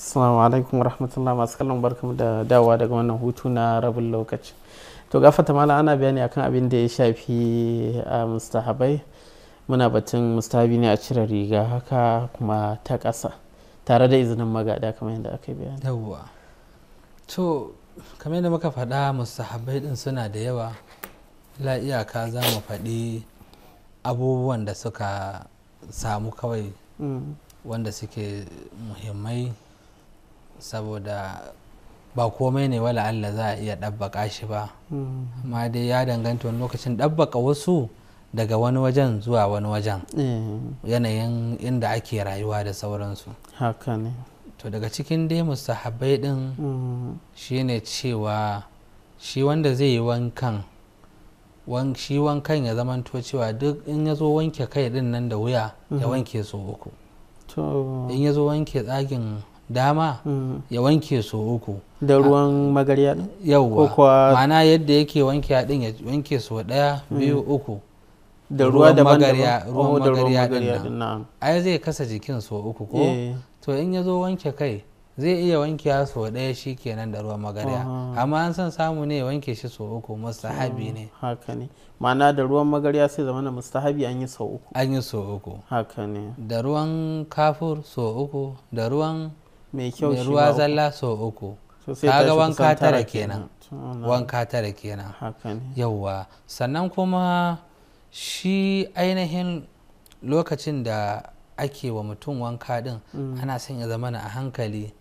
Assalamu alaikum rahmatullah masu kallon barkamu da dawa daga wannan hutu na rabin lokaci. To gafata mala ana bayani akan abin da ya shafi a mustahabai muna batun mustahabi ne a cire riga haka kuma ta ƙasa tare da izinin magada kamar yadda aka bayani. Yawwa. To kamar yadda muka faɗa mustahabai din suna da yawa la iyaka za mu faɗi abubuwan da suka samu kawai mm. wanda suke muhimmai saboda ba komai ne wala Allah za a iya ɗabbaka shi ba mm. amma dai ya danganta wani lokacin ɗabbaka wasu daga wani wajen zuwa wani wajen eh. yanayin inda ake rayuwa da sauransu haka ne to daga cikin dai ɗin Shi mm. shine cewa shi wanda zai yi wankan shi wankan ya zamanto cewa duk in ya zo wanke kai din nan da wuya ya mm-hmm. wanke so uku in ya zo wanke tsagin dama mm. ya wanke so uku da ruwan magarya yauwa mana yadda yake wanke ɗin ya wanke so ɗaya mm. biyu uku da ruwa oh, da magarya ruwan magarya ɗin nan ai zai kasa jikin so uku ko eh. to in ya zo wanke kai zai iya wanke ya so ɗaya shi kenan da ruwan magarya amma an san samu ne wanke shi so uku mustahabi mm, ne haka ne ma'ana da ruwan magarya sai zama na mustahabi an yi so uku an yi so uku haka ne da ruwan kafur so uku da ruwan mai kyau shi ruwa zalla so uku kaga wanka tara kenan wanka tara kenan yauwa sannan kuma shi ainihin lokacin da ake wa mutum wanka din mm. ana son ya zama a hankali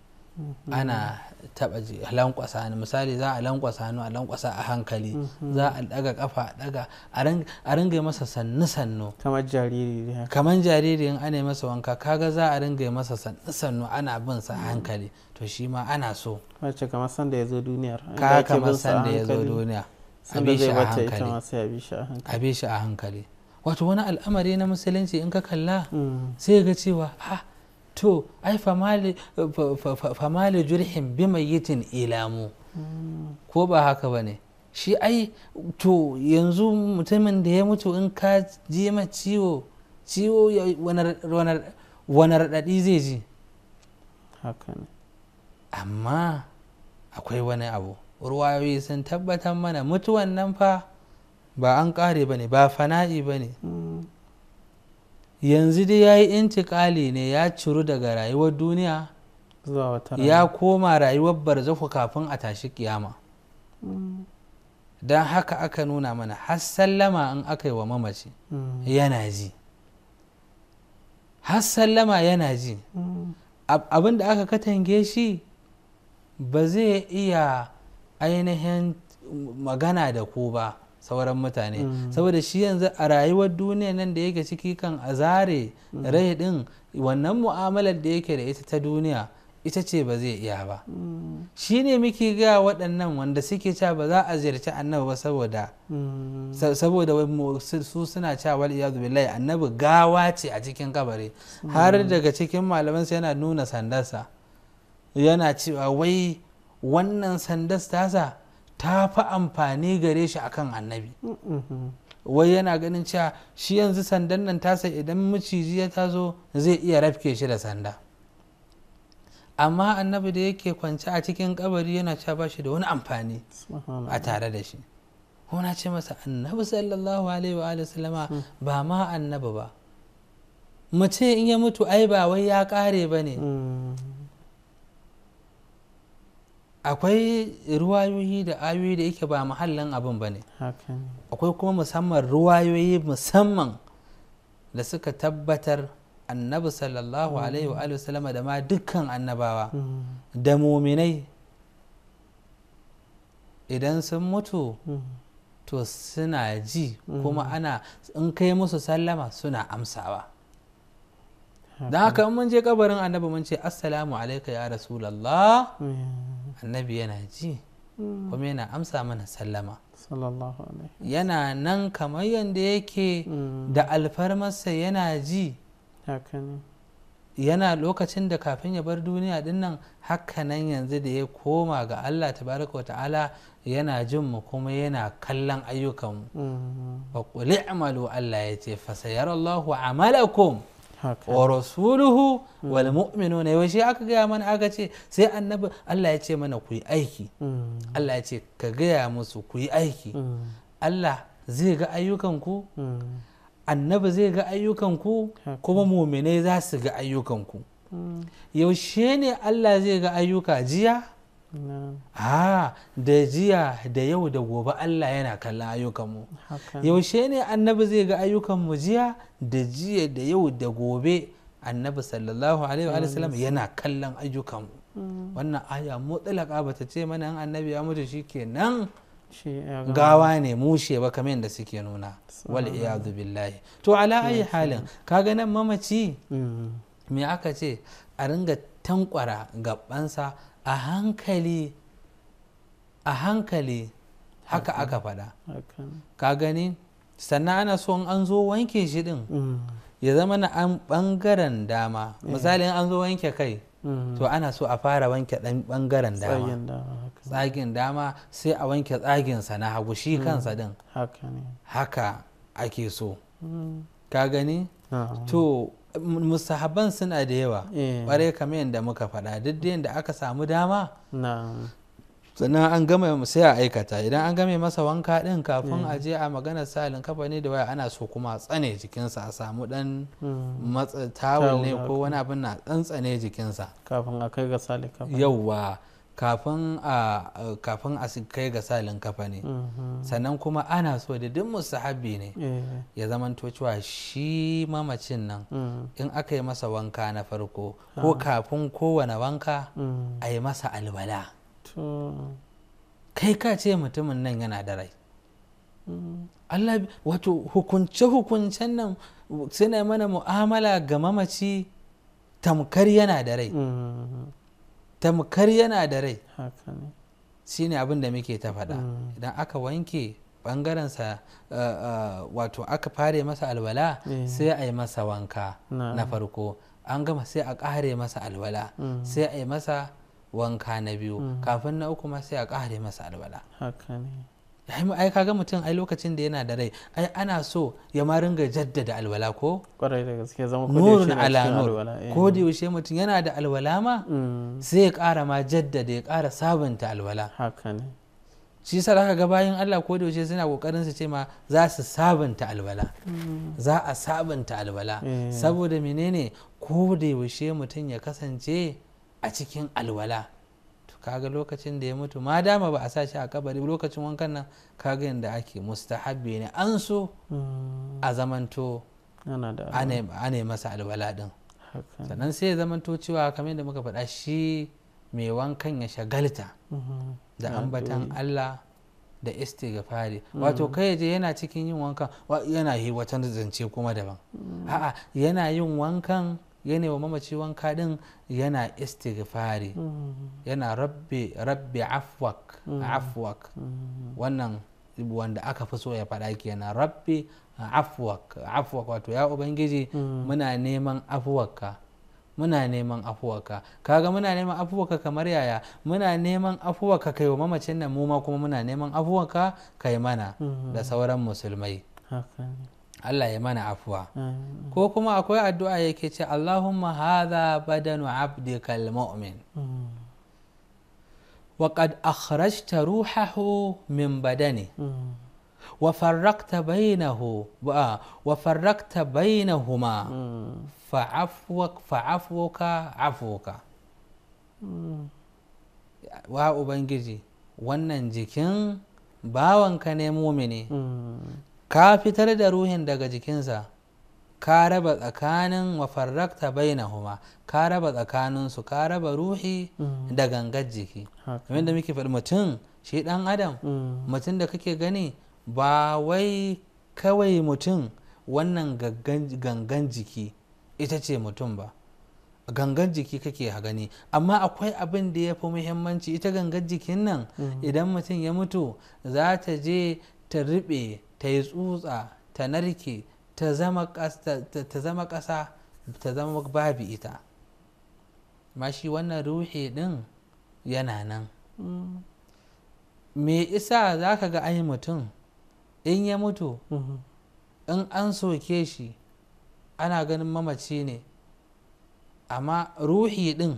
ana taba lankwasa hannu misali za a lankwasa hannu a lankwasa a hankali mhm. za a daga kafa a daga a ringa masa sannu sannu kamar jariri kamar jariri in ana masa wanka kaga za a ringa masa sannu sannu ana bin sa mhm. hankali to shi ma ana so wacce kamar sanda ya zo duniyar ka kamar sanda ya zo duniya a bi shi a hankali a shi a hankali wato wani al'amari na musulunci in ka kalla mm. sai ga cewa ha? Ah, to ai famali jirhin bi yitin ilamu mm. ko ba haka ba ne shi ai to yanzu mutumin da ya mutu in ka ji ma ciwo ciwo wani raɗaɗi zai ji amma akwai wani abu ruwayoyi sun tabbatar mana mutuwan nan fa ba an ƙare ba ne ba fana'i ba ne mm. yanzu dai ya yi intikali ne ya ciru daga rayuwar duniya ya koma rayuwar barzaku kafin a tashi kiyama mm. don haka aka nuna mana har sallama in aka yi wa mamaci mm. yana ji har sallama yana ji mm. abin da aka katange shi ba zai iya ainihin magana da ku ba sauran mutane mm. saboda shi yanzu a rayuwar duniya nan da yake ciki kan a zare mm. rai din wannan mu'amalar da yake da ita ta duniya ita ce ba zai iya ba mm. shi ne muke ga waɗannan wanda suke ca ba za a ziyarci annabi ba saboda saboda su suna cewa wal iyadu billahi annabi gawa ce a cikin kabari har daga cikin malaman malamansa yana nuna sandarsa yana cewa wai wannan sandarsa tasa ta fi amfani gare shi akan annabi mm-hmm. wai yana ganin cewa shi yanzu sandan nan tasa idan maciji ya zo, zai iya rafke shi da sanda amma annabi da yake kwance a cikin kabari yana cewa ba shi da wani amfani a tare da shi na ce masa annabi sallallahu alaihi wa sallama hmm. ba ma annabi ba mace in ya mutu ai ba wai ya kare bane. Mm. akwai ruwayoyi da ayoyi da yake ba mahallin abin ba ne akwai kuma musamman ruwayoyi musamman da suka tabbatar annabi sallallahu mm. alaihi wa sallama da ma dukkan annabawa mm. da muminai idan sun mutu mm. to suna ji kuma ana in kai musu sallama suna amsawa da haka mun je kabarin annabi mun ce assalamu alaika ya rasulallah annabi yana ji kuma yana amsa mana sallama yana nan kamar yadda yake mm. da alfarmarsa yana ji yana lokacin da kafin ya bar duniya dinnan hakanan yanzu da ya koma ga allah tabaraka wa ta'ala yana jin mu kuma yana kallon ayyukanmu ba mm-hmm. ku li'amalu allah ya ce fasayar allahu amalakum wa rasuluhu wal hmm. mu'minuna yaushe aka gaya mana aka ce sai annabi Allah ya ce mana ku yi aiki hmm. Allah ya ce ka gaya musu ku yi aiki hmm. Allah zai ga ayyukanku annabi zai ga ayyukan ku kuma muminai za su ga ku yaushe ne Allah zai ga ayyuka jiya a da jiya da yau da gobe Allah yana kalla ayyukanmu yaushe ne annabi zai ga ayyukanmu jiya da jiya da yau da gobe annabi sallallahu alaihi wa sallam yana kallon ayyukanmu mm. wannan aya mutsalaka ba ta ce mana annabi ya mutu kenan gawa ne mushe ba kamar yadda suke nuna wal iyadu billahi to ala ayi halin kaga nan mamaci mm. me aka ce a ringa tankwara gabansa a hankali a hankali haka aka faɗa ka gani sannan ana so an zo wanke shi ɗin mm. ya zama na an ɓangaren dama eh. misali an zo wanke kai mm. to ana so a fara wanke ɗan ɓangaren dama tsagin dama sai a wanke tsagin sa na hagu shi mm. kansa ɗin haka ake so ka gani to musahaban suna da yawa ƙware eh. kamar yadda muka faɗa duk da yadda aka samu dama sannan an gama sai a aikata idan an game masa wanka ɗin kafin a mm. je a maganar salin kafa ne da waya ana so kuma tsane jikinsa a samu ɗan. Mm. matsa ne ko wani abin na tsantsane jikinsa kafin a kai ga salin kafa yauwa kafin a kai ga salin kafa ne mhm. sannan kuma ana so da duk musu musahabi ne eh. ya zamanto cewa shi mamacin nan mm. in aka yi masa wanka na farko ko ah. kafin kowane wanka mm. a yi masa alwala. kai ka ce mutumin nan yana da rai mm. Allah wato hukunce-hukuncen nan suna mana mu'amala ga mamaci tamkar yana da rai tamkar yana da rai shine abin da muke ta faɗa mm. idan aka wanke ɓangarensa eh, eh, wato aka fare masa alwala eh. sai a yi masa wanka na farko an gama sai a ƙare masa alwala mm. sai a yi masa wanka na biyu mm. kafin na uku ma sai a ƙare masa alwala ai mu ai kaga mutum ai lokacin da yana da rai ai ana so ya ma ringa jaddada alwala ko kwarai da gaske zama ko nurun ala nur eh. ko da yaushe mutum yana da alwala ma mm. sai ya kara ma jaddada ya kara sabunta alwala haka ne shi zaka ga bayan Allah ko da yaushe suna kokarin su ce ma za su sabunta alwala mm. za a sabunta alwala eh. saboda menene ko da yaushe mutum ya kasance a cikin alwala kaga lokacin da ya mutu ma dama ba a sa shi a kabari lokacin wankan nan kaga yadda ake mustahabbi ne an so hmm. a zamanto ana masa alwala din sannan sai ya zamanto cewa kamar yadda muka faɗa shi mai wankan ya shagalta hmm. da ambatan Allah da istighfari hmm. wato kai yaje yana cikin yin wankan yana yi wata zance kuma daban a'a yana yin wankan yana wa mamaci wanka din yana istighfari mm-hmm. yana rabbi rabbi afwak mm-hmm. afwak mm-hmm. wannan wanda aka fi so ya faɗa kenan rabbi afwak afwak wato ya ubangiji muna neman afwaka muna neman afuwaka kaga muna neman afuwaka kamar yaya muna neman afuwaka kai wa mamacin nan mu ma kuma muna neman afuwaka kai mana da sauran musulmai Allah ya mana afuwa ko kuma akwai addu'a yake ce Allahumma hadha badanu abdikal mu'min wa qad akhrajta ruhahu min badani wa farraqta bainahu wa farraqta bainahuma fa'afwak fa'afwuka afuka wa ubangiji wannan jikin bawanka ne mumini ka fitar da ruhin daga jikinsa ka raba tsakanin wafarrakta huma ka raba tsakaninsu ka raba ruhi mm. da gangar jiki kamar da muke faɗi mutum shi ɗan adam mm. mutum da kake gani ba wai kawai mutum wannan gangan jiki ita ce mutum ba gangan jiki kake gani amma akwai abin da ya fi muhimmanci ita gangan jikin nan mm. idan mutum ya mutu za ta je ta riɓe ta yi tsutsa ta narke ta zama ƙasa ta zama babu ita ma shi wannan ruhi ɗin yana nan mm. me isa za ka ga ai mutum in ya mutu mm-hmm. in an soke shi ana ganin mamaci ne amma ruhi ɗin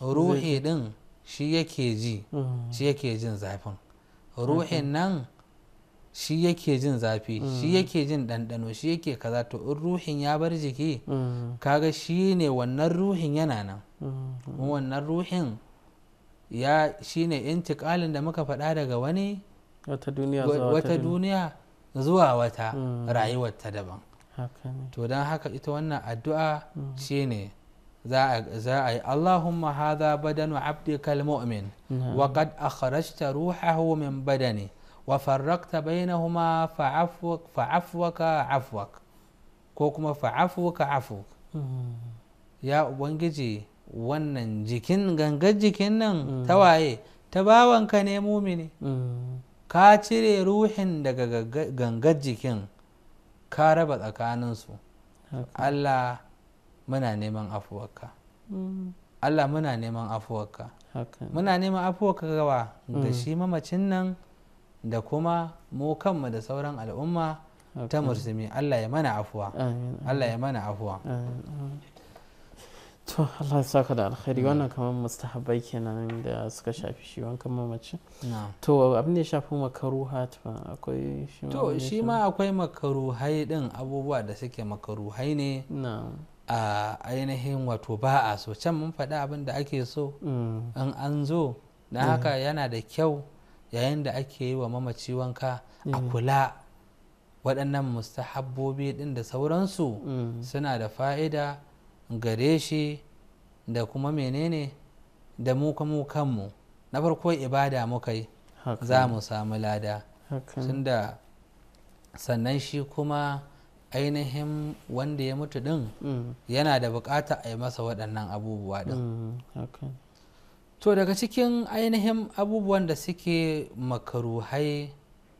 ruhi ɗin shi yake ji mm-hmm. shi yake jin zafin mm-hmm. ruhin nan shi yake jin zafi shi mm. yake jin ɗanɗano shi yake kaza to in ruhin ya bar jiki mm. kaga shi ne wannan ruhin yana nan mm. wannan ruhin ya shi ne intikalin da muka faɗa daga wani wata duniya zuwa wata rayuwar ta daban to don haka ita wannan addu'a shi ne za a yi Allahumma hadha badanu abdikal mu'min wa qad akhrajta ruhahu min badani wa farrakta bainahuma fa'afwaka afwak ko kuma fa'afwaka afwak ya ubangiji wannan jikin gangan jikin nan ta waye ta bawanka ne mumini ka cire ruhin daga gangan jikin ka raba tsakaninsu allah muna neman afuwarka allah muna neman afuwarka muna neman afuwarka gawa ga mm. shi mamacin nan da kuma mu kanmu da sauran al'umma ta musulmi Allah ya mana afuwa Allah ya mana afuwa to Allah ya saka da alkhairi wannan kamar mustahabbai kenan da suka shafi shi wankan mamaci to abin da ya shafi makaruha ba akwai shi to shi ma akwai makaruhai din abubuwa da suke makaruhai ne a ainihin wato ba a so can mun faɗi abin da ake so mm. in an zo Na mm. haka yana da kyau yayin da ake yi wa mamaci wanka a mm. kula waɗannan mustahabbobi ɗin da sauransu mm. suna da fa'ida gare shi da kuma menene da mu kanmu na farko ibada muka yi za mu samu lada tunda sannan shi kuma ainihin wanda ya mutu ɗin mm. yana da buƙata a yi masa waɗannan abubuwa ɗin to daga cikin ainihin abubuwan da suke makaruhai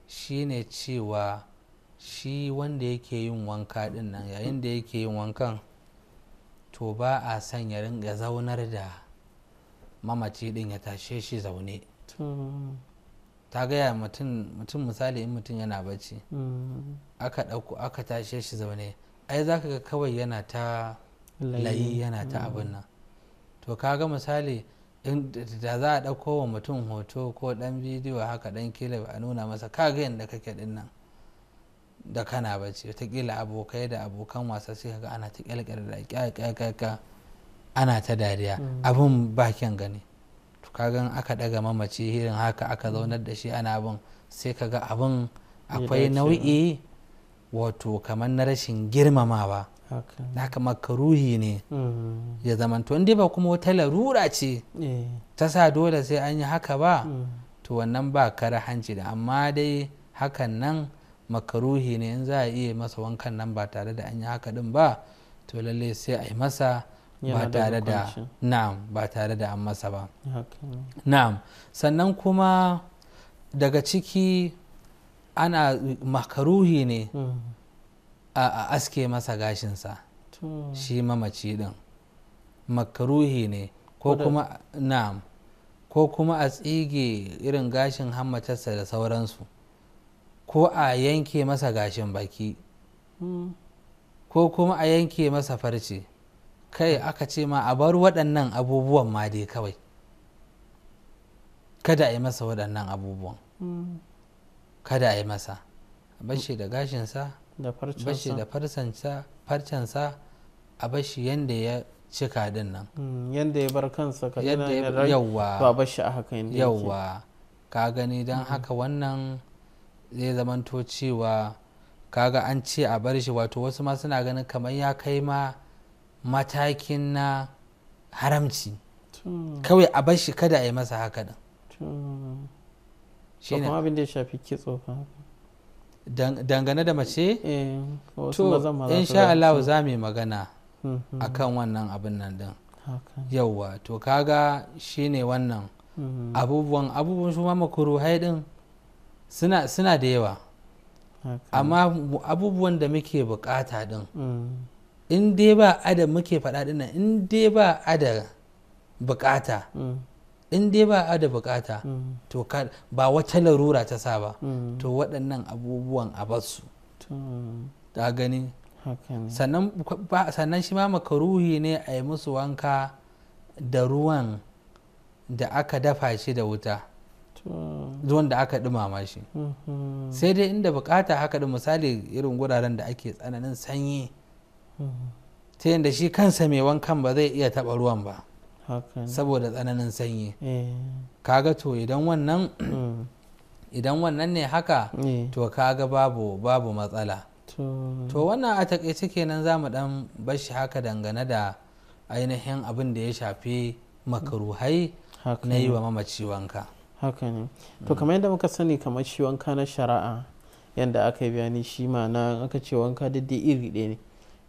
shine cewa shi wanda yake yin wanka din nan yayin da yake yin wankan to ba a son ya ringa zaunar da mamaci din ya tashe shi zaune hmm. ta gaya mutum misali in mutum yana bacci hmm. aka ɗauko aka tashe shi zaune ai za ka ga kawai yana ta layi yana ta hmm. abin nan to kaga misali da za a ɗauko wa mutum hoto ko ɗan bidiyo haka ɗan kila a nuna masa kaga yadda kake ɗin nan da kana bacci wataƙila abokai da abokan wasa sai kaga ana ta ƙyalƙyar da ƙyaƙyaƙyaƙa ana ta dariya mm. abin bakin gani to kagan aka ɗaga mamaci irin haka aka mm. zaunar da shi ana abin sai kaga abin akwai nau'i wato kamar na rashin girmamawa da haka makaruhi ne mm. ya zamanto inda ba kuma wata larura ce eh. ta sa dole sai an yi haka ba mm. to wannan ba kare hanci da amma dai hakan nan makaruhi ne in za a iya masa wankan nan ba tare da an yi haka din ba to lalle sai a yi masa ba tare da na'am ba tare da an masa ba na'am sannan kuma daga ciki ana makaruhi ne mm. a aske masa gashinsa shi mamaci din makaruhi ne ko kuma na'am ko kuma a tsige irin gashin hammatarsa da sauransu ko a yanke masa gashin baki hmm. ko kuma a yanke masa farce kai aka ce ma a bar waɗannan abubuwan ma dai kawai kada a yi masa waɗannan abubuwan hmm. kada a yi masa a shi da gashinsa bashi da farcensa a bashi yadda ya cika din nan hmm, yadda ya bar kansa ka ba bashi a haka yadda yawwa ka gani don hmm. haka wannan zai zamanto cewa kaga an ce a bar shi wato wasu ma suna ganin kamar ya kai ma matakin na haramci hmm. kawai a bar shi kada a yi masa haka din shi ne abin da ya shafi kitso dangane da mace eh, to insha Allah za mu magana mm-hmm. a kan wannan abin nan din yauwa to kaga shine wannan mm-hmm. abubuwan abubuwan su ma makuruhai haidin suna da yawa amma abubuwan da muke bukata din mm. in dai ba ada muke faɗa dinnan in dai ba ada bukata mm. in dai ba a da bukata mm. to ba wata larura ta sa ba mm. to waɗannan abubuwan a basu ta mm. gani sannan shi ma makaruhi ne a yi musu wanka da ruwan da aka dafa shi da wuta ruwan da aka dumama shi mm-hmm. sai dai inda bukata haka da misali irin guraren da ake tsananin sanyi mm-hmm. ta yadda shi kansa mai wankan ba zai iya taɓa ruwan ba saboda tsananin sanyi eh. kaga to idan wannan hmm. idan wannan ne haka eh. to kaga babu babu matsala to wannan a takaice kenan za mu dan bashi haka dangane da ainihin abin da ya shafi makaruhai na yi wa mamaci wanka haka ne hmm. to kamar yadda muka sani kamar shi wanka na shari'a yadda aka yi bayani shi ma'ana aka ce wanka da iri ɗaya ne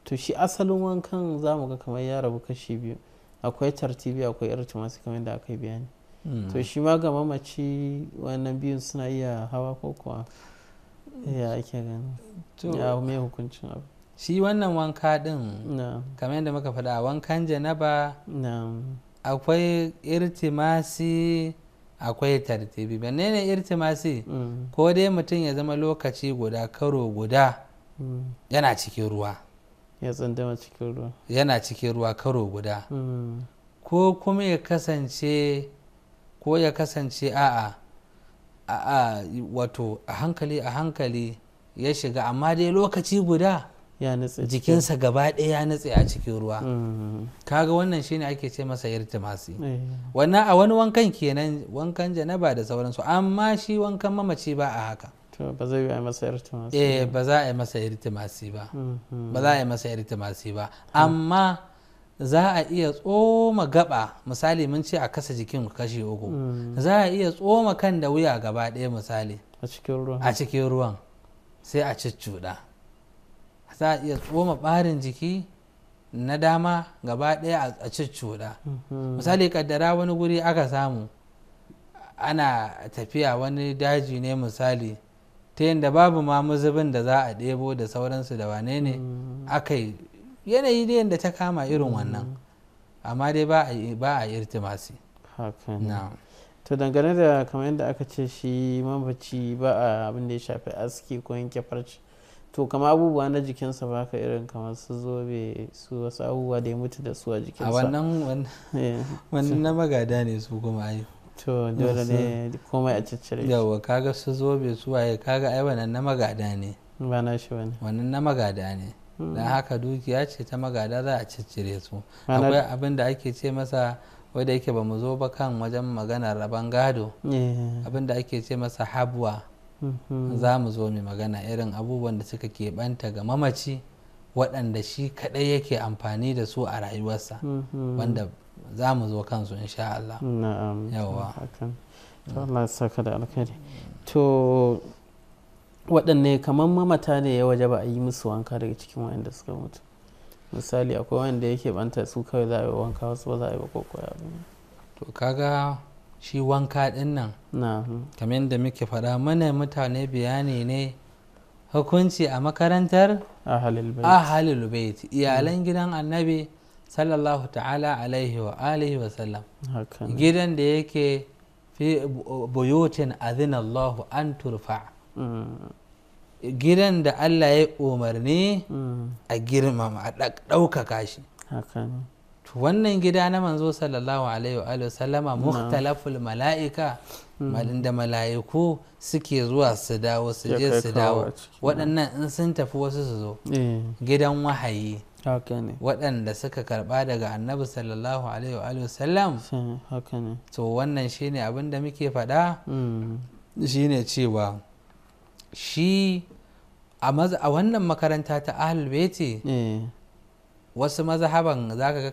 to shi asalin wankan za mu ga kamar ya rabu kashi biyu akwai tartibi akwai irtimasi kamar yadda aka yi bayani hmm. to shi ma ga mamaci wannan biyun suna iya hawa ko kuwa hmm. ya ake gani ya mai hukuncin abu shi wannan wanka din kamar yadda muka faɗa wankan janaba akwai irtimasi akwai tartibi bane ne irtimasi ko dai mutum ya zama lokaci guda karo guda hmm. yana cikin ruwa ya tsandama cikin ruwa yana cikin ruwa karo guda hmm. ko kuma ya kasance ko ya kasance a'a a'a wato a hankali a hankali ya shiga amma dai lokaci guda jikinsa gaba ɗaya ya nutse a cikin ruwa hmm. kaga wannan shine ake ce masa irtimasi eh. wannan a wani wankan kenan wankan janaba da sauransu amma shi wankan mamaci ba a haka ba eh ba za a yi masa irtimasi ba ba za a yi masa irtimasi mm-hmm. ba amma za a iya tsoma gaba misali mun ce a kasa jikin kashi uku mm. za a iya tsoma kan da wuya gaba ɗaya misali a cikin ruwan sai a cuccuɗa za a iya tsoma ɓarin jiki na dama gaba ɗaya a cuccuɗa mm-hmm. misali kaddara wani guri aka samu ana tafiya wani daji ne misali ta yadda babu ma muzubin da za a ɗebo da sauransu da wane ne mm. aka yi yanayi da yadda ta kama irin wannan mm. amma dai ba a irtimasi to dangane da kamar yadda aka ce shi mambaci ba a abin da ya shafi aski ko yanke farce to kama abubuwa na jikinsa ba ka irin kamar su zobe su wasu abubuwa da ya mutu da su a jikinsa a wannan wannan eh. magada ne su kuma ayi to dole ne komai a ciccire shi yawa kaga su zobe su waye kaga ai wannan na magada ne ba na shi wani wannan na magada ne hmm. dan haka dukiya ce ta magada za a ciccire su akwai abin da ake ce masa wadda yake ba mu zo ba kan wajen maganar rabon gado eh. abin da ake ce masa habwa mm-hmm. za mu zo mai magana irin abubuwan da suka keɓanta ga mamaci waɗanda shi kaɗai yake amfani da su a rayuwarsa mm-hmm. wanda za mu zo kansu insha Allah na'am yawa mm. Allah ya saka da alkhairi mm. to waɗanne kamar mamata ne ya waje ba a yi musu wanka daga cikin waɗanda suka mutu misali akwai wanda yake banta su kawai za a yi wanka wasu ba za a yi ba ko ba. to kaga shi wanka din nan kamar yadda muke faɗa mana mutane bayani ne hukunci a makarantar ahalul bait iyalan mm. gidan annabi sallallahu ta'ala alaihi wa alihi wa sallam gidan da yake fi buyutin azinallahu an turfa mm. gidan da Allah ya umarni mm. a girmama a ɗaukaka shi wannan gida na manzo sallallahu alaihi wa sallama mukhtalaful mala'ika mm. da mala'iku suke zuwa su dawo su je su dawo waɗannan in sun tafi wasu su zo eh. gidan wahayi waɗanda suka karɓa daga annabi sallallahu alaihi wasallam to wannan shi ne da muke faɗa mm. ne cewa shi a wannan makaranta ta ahalbeti eh. wasu mazhaban za ka ga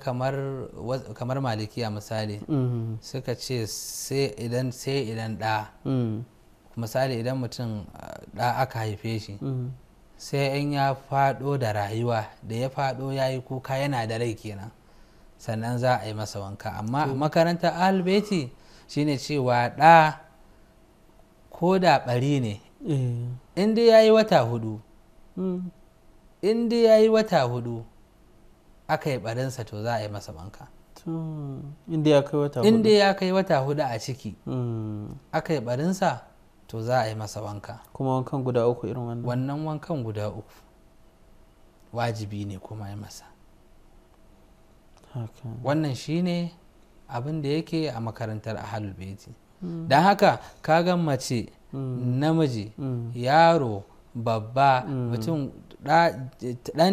kamar malikiya misali mm-hmm. suka ce sai idan sai idan ɗa mm. misali idan mutum ɗa aka haife shi mm. sai in ya faɗo da rayuwa da ya faɗo ya yi kuka yana da rai kenan sannan za a yi masa wanka amma a makarantar albeti shine cewa ɗa ko da ɓari ne eh. inda ya yi wata hudu hmm. inda ya yi wata hudu aka yi ɓarinsa to za a yi masa wanka inda ya kai wata hudu a ciki hmm. aka yi ɓarinsa to za a yi masa wanka kuma wankan guda uku irin wannan wannan wankan guda uku wajibi ne kuma ya masa wannan shine abin da yake a makarantar ahalul baiti beji. Hmm. don haka kagan mace hmm. namiji hmm. yaro babba mutum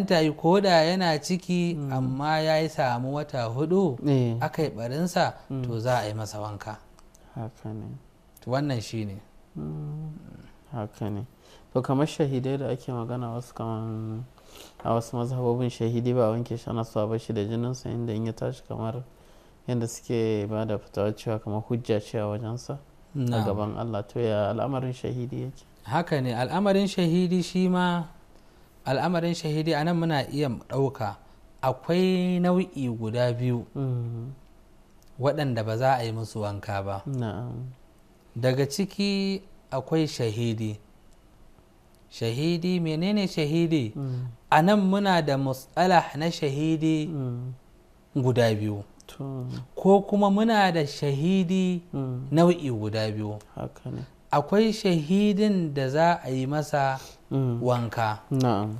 ta yi koda yana ciki amma ya yi samu wata hudu eh. aka yi barinsa to za a yi masa wanka wannan shine ne haka ne to kamar shahidai da ake magana wasu kamar a wasu mazhabobin shahidi ba wanke shana su ba shi da jininsa inda in ya tashi kamar yadda suke ba da fitawa cewa kamar hujja ce a wajensa a gaban Allah to ya al'amarin shahidi yake haka ne al'amarin shahidi shi ma al'amarin shahidi a nan muna iya ɗauka akwai nau'i guda biyu mm-hmm. waɗanda ba za a yi musu wanka ba daga ciki akwai shahidi shahidi menene shahidi mm. a nan muna da matsala na shahidi mm. guda biyu ko kuma muna da shahidi mm. nau'i guda biyu akwai shahidin da za a yi masa wanka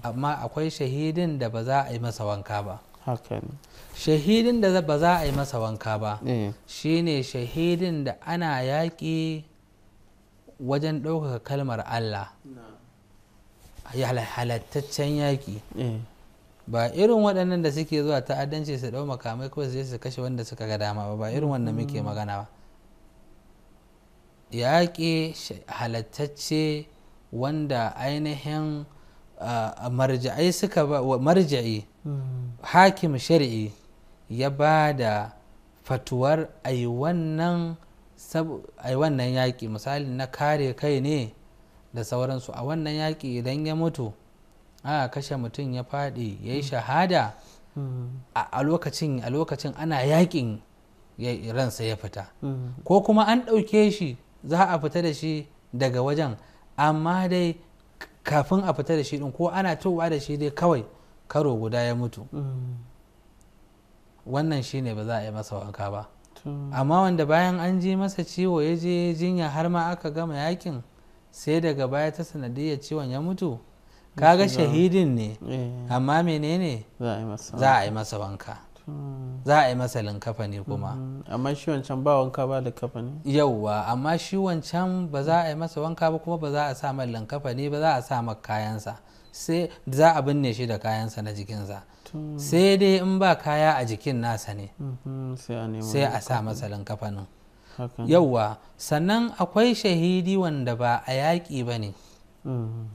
amma akwai shahidin da ba za a yi masa wanka ba shahidin da ba za a yi masa wanka ba eh. shine shahidin da ana yaƙi wajen ɗaukaka kalmar Allah halattaccen yaƙi eh. ba irin waɗannan da suke zuwa ta'addanci su ɗau makamai kawai su su kashe wanda suka ga dama ba ba irin wannan muke magana ba yaƙi halattacce wanda ainihin marja'ai suka ba marja'i hakim shari'i ya ba da fatuwar ai wannan yaƙi misali na kare kai ne da sauransu a wannan yaƙi idan ya mutu a kashe mutum ya faɗi ya yi shahada a lokacin a lokacin ana yaƙin ransa ya fita ko kuma an ɗauke shi za a fita da shi daga wajen amma dai kafin a fita da shi ɗin ko ana towa da shi dai kawai karo guda ya mutu wannan shi ne ba za a yi masa wanka ba amma wanda bayan an ji masa ciwo ya je jinya har ma aka gama yakin sai daga baya ta sanadiyar ciwon ya mutu kaga shahidin ne eh. amma menene za a yi masa wanka za a yi masa linkafa ne kuma mm-hmm. amma shi wancan ba wanka ba da ne yauwa amma shi wancan ba za a yi masa wanka ba kuma ba za a sa mai linkafa ne ba za a sa mai kayansa sai za a binne shi da kayansa na jikinsa sai dai in ba kaya a jikin nasa ne mm-hmm. sai a sa masa linkafanin yauwa sannan akwai shahidi wanda ba a yaƙi ba ne mm-hmm.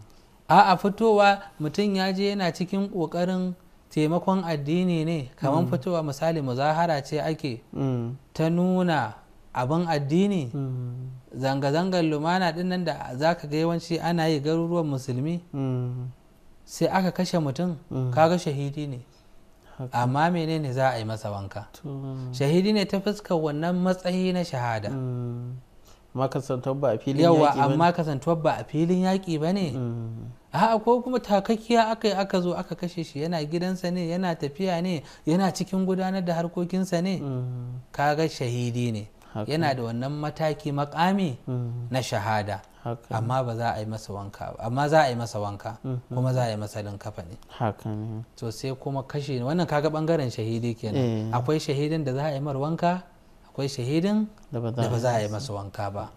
a a fitowa mutum ya je yana cikin ƙoƙarin taimakon addini ne kamar mm. fitowa misali muzahara ce ake mm. ta nuna abin addini mm. zanga-zangar lumana dinnan da za ka ga yawanci ana yi garuruwan musulmi sai aka kashe mutum kaga shahidi ne amma menene za a yi masa wanka shahidi ne ta fuskar wannan matsayi na shahada amma kasantuwar ba a filin yaƙi ba ne a'a ko kuma takakkiya aka yi aka zo aka kashe shi yana gidansa ne yana tafiya ne yana cikin gudanar da harkokinsa ne mm. kaga shahidi ne yana da wannan mataki makami mm. na shahada amma ba za a yi masa wanka ba amma za a yi masa wanka mm-hmm. kuma za a yi masa linkafa ne to sai kuma kashe wannan kaga bangaren shahidi kenan eh. akwai shahidin da za a yi mar wanka akwai shahidin da ba za a yi masa wanka ba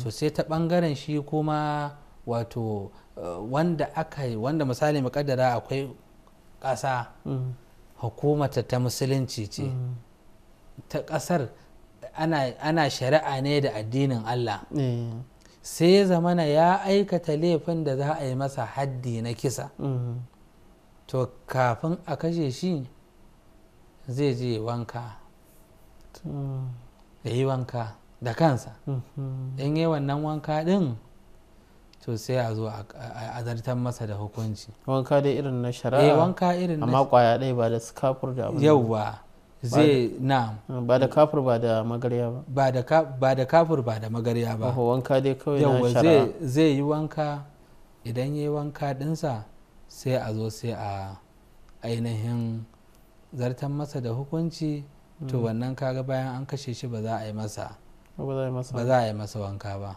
to sai ta bangaren shi kuma wato eh, wanda aka wanda misali mukaddara akwai ƙasa mm. hukumata ta musulunci ce mm. ta ƙasar ana shari'a ne da addinin Allah eh. sai zamana ya aikata laifin da za a yi masa haddi na kisa mm. to kafin a kashe shi zai je wanka ya yi wanka da kansa mm-hmm. in yi wannan wanka din to sai a zo a azartar masa da hukunci wanka dai irin na shari'a eh, wanka irin amma kwaya ɗaya ba da kafur da abu yauwa zai na mm, ba da kafur ba da magarya ba ba da kafur ba da magarya ba wanka dai kawai na shari'a zai yi wanka idan yi wanka dinsa sai a zo sai a ainihin zartan masa da hukunci to mm. wannan kaga bayan an kashe shi ba za a yi masa ba za a yi masa wanka ba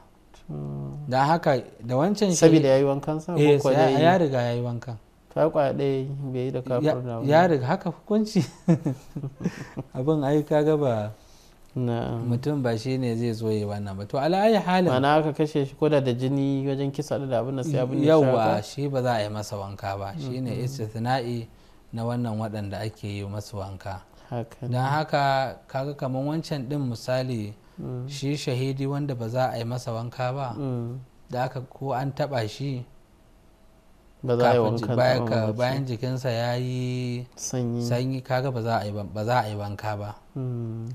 da haka da wancan shi saboda yayi wankan sa ko ya riga yayi wankan ta kwaya bai yi da kafin da ya riga haka hukunci abin ai ga ba mutum ba shi ne zai zo yi wannan ba to ala'ayi halin mana aka kashe shi koda da jini wajen kisa da abin da sai abin da yawa shi ba za a yi masa wanka ba shi ne istithna'i na wannan waɗanda ake yi masa wanka don haka kaga kamar wancan ɗin misali shi shahidi wanda ba za a yi masa wanka ba da aka ko an taba shi bayan jikinsa ya yi sanyi kaga ba za a yi wanka ba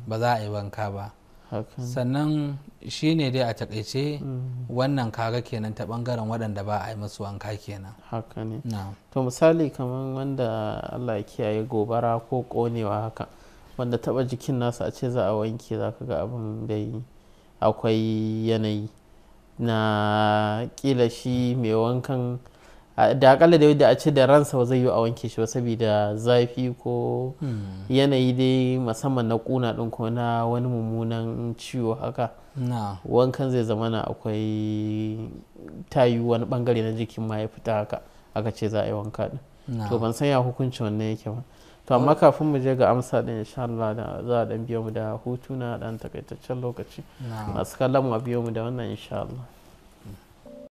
ba za a yi wanka ba hmm. sannan shi ne dai a takaice hmm. wannan kaga kenan ta bangaren waɗanda ba a yi masu wanka kenan haka ne to misali kamar wanda allah ya kiyaye gobara ko konewa haka wanda taba jikin nasa a ce za a wanke za ka ga abin dai akwai yanayi na kila shi mai wankan da akalla da yadda a ce da ransa ba zai yi a wanke shi ba saboda zafi ko hmm. yanayi dai musamman na kuna din ko na wani mummunan ciwo haka wankan zai zama na akwai tayu wani bangare na jikin ma ya fita haka aka ce za a yi wanka din to ban san ya hukunci wannan yake ba to amma kafin mu je ga amsa din insha Allah da za a dan biyo mu da hutu na dan takaitaccen lokaci masu kallon mu a biyo mu da wannan insha Allah